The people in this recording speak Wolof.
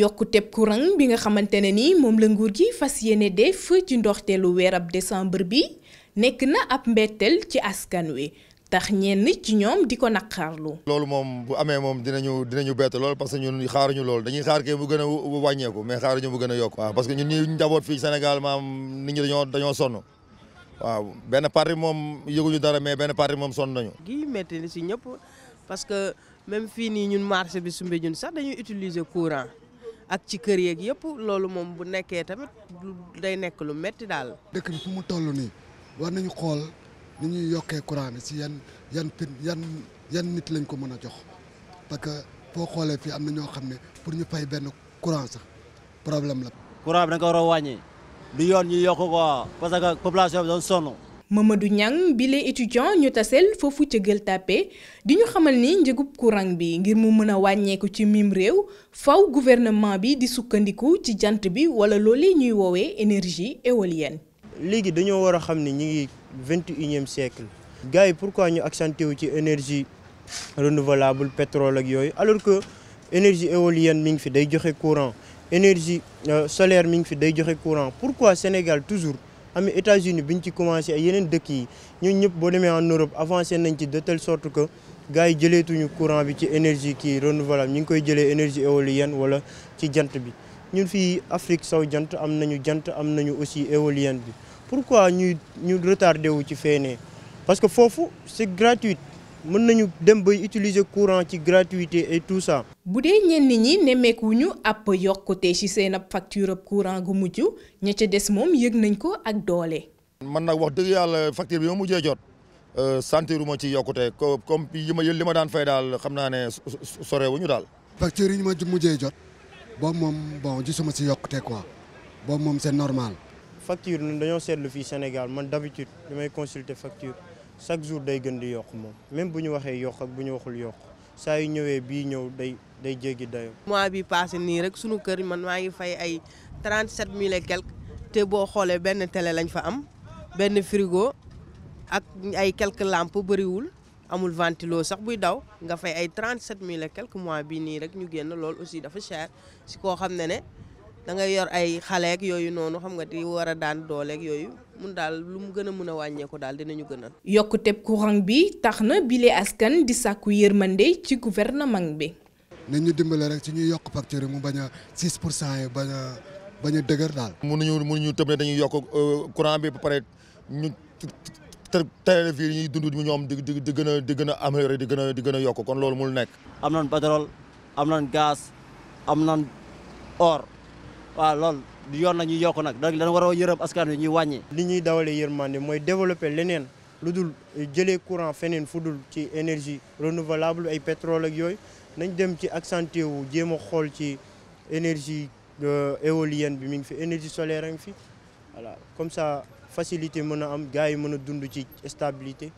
yokkuteb courant bi nga xamante ne ni moom la nguur gi fas yéene def ci ndoxteelu weer ab décembre bi nekk na ab mbetteel ci askan wi tax ñenn ci ñoom di ko naqarlu. loolu moom bu amee moom dinañu dinañu bett lool parce que ñun xaaruñu lool dañuy xaar kay bu gën a wàññeeku mais xaaruñu bu gën a yokk. waaw parce que ñun ñi njaboot fii maam nit ñi dañoo sonn. waaw benn parti moom yëguñu dara mais benn parti moom sonn nañu. gi métti na si ñëpp parce que même fii nii ñun marché bi sumbe ñun sax dañuy utiliser courant ak ci kër yeeg yëpp loolu moom bu nekkee tamit day nekk lu métti daal. dëkk bi fu mu toll nii war nañu xool ni ñuy yokkee courant bi si yan yan yan yan nit lañ ko mën a jox parce que foo xoolee fii am na ñoo xam ne pour ñu fay benn courant sax problème la. courant bi da nga ko du yoon ñu yokk quoi parce que population bi doon sonn. Mamadou Niang bi les étudiants ñu taseel foofu ca Gueule tapé. di ñu xamal ni njëgub courant bi ngir mu mën a wàññeeku ci mim réew faw gouvernement bi di sukkandiku ci jant bi wala loolee ñuy woowee énergie éolienne. léegi dañoo war a xam ni ñu ngi vingt et siècle gars yi pourquoi ñu accenté wu ci énergie renouvelable pétrole ak yooyu alors que énergie éolienne mi ngi fi day joxe courant énergie euh, solaire mi fi day joxe courant pourquoi Sénégal toujours Ami États-Unis biñ ci commencé ay yeneen dëkk yi ñun ñëpp boo demee en Europe avancé nañ ci de telle sorte que gars yi jëleetuñu courant bi ci énergie kii renouvelable ñu ngi koy jëlee énergie éolienne wala ci jant bi ñun fii Afrique saw jant am nañu jant am nañu aussi éolienne bi pourquoi ñuy ñu retardé wu ci feenee parce que foofu c'est gratuit mën nañu dem bay utiliser courant ci gratuité et tout ça. bu dee ñenn ñi ñu app yokkute ci seen ab facture ab courant gu mujj ña ca des moom yëg nañ ko ak doole. man nag wax dëgg yàlla facture bi ma mujjee jot euh, sentiruma ci yokkute comme yi ma li ma daan fay daal xam naa ne sorewuñu daal. facture yi ma mujjee jot boobu moom bon gisuma ci yokkute quoi boobu moom c'est normal. facture ñun dañoo seetlu fii Sénégal man d'habitude damay consulter facture. chaque jour day gën di yokk moom même bu ñu waxee yokk ak bu ñu waxul yokk saa yu ñëwee bii ñëw day day jéggi dayoo. mois bii passé nii rek sunu kër man maa ngi fay ay trente sept mille et quelque te boo xoolee benn télé lañ fa am benn frigo ak ay quelques lampes bariwul amul ventilo sax buy daw nga fay ay trent sept mille et quelque mois bii nii rek ñu génn loolu aussi dafa cher si koo xam ne ne. da nga yor ay xalé ak yoyu nonu xam nga di wara daan doole ak yoyu mun dal lu mu gëna mëna wañé ko dal dinañu gëna gënal. yokkuteb courant bi taxna na bile askan di sakku yermandé ci gouvernement bi. nañ ñu dimbale rek ci ñu yok facture mu baña 6 pour cent yi bañ a bañ a dëgër daal. mënuñu mënuñu tëb ne dañuy euh, courant bi ba paré ñu tayal fi ñuy dund ñoom di di di gëna di gëna a améliorer di gëna di gëna yok kon loolu mul nekk. am pétrole am gaz am or. waaw loolu yoon na ñu yokk nag da dana war a yërëm askan ni ñuy wàññi. li ñuy dawalee yërmande mooy développer leneen lu dul jëlee courant feneen fu dul ci énergie renouvelable ay pétrole ak yooyu nañ dem ci accenté wu jéem a xool ci énergie euh, éolienne bi mi ngi fi énergie solaire a fi voilà comme ça faciliter mën a am gars yi mën a dund ci stabilité.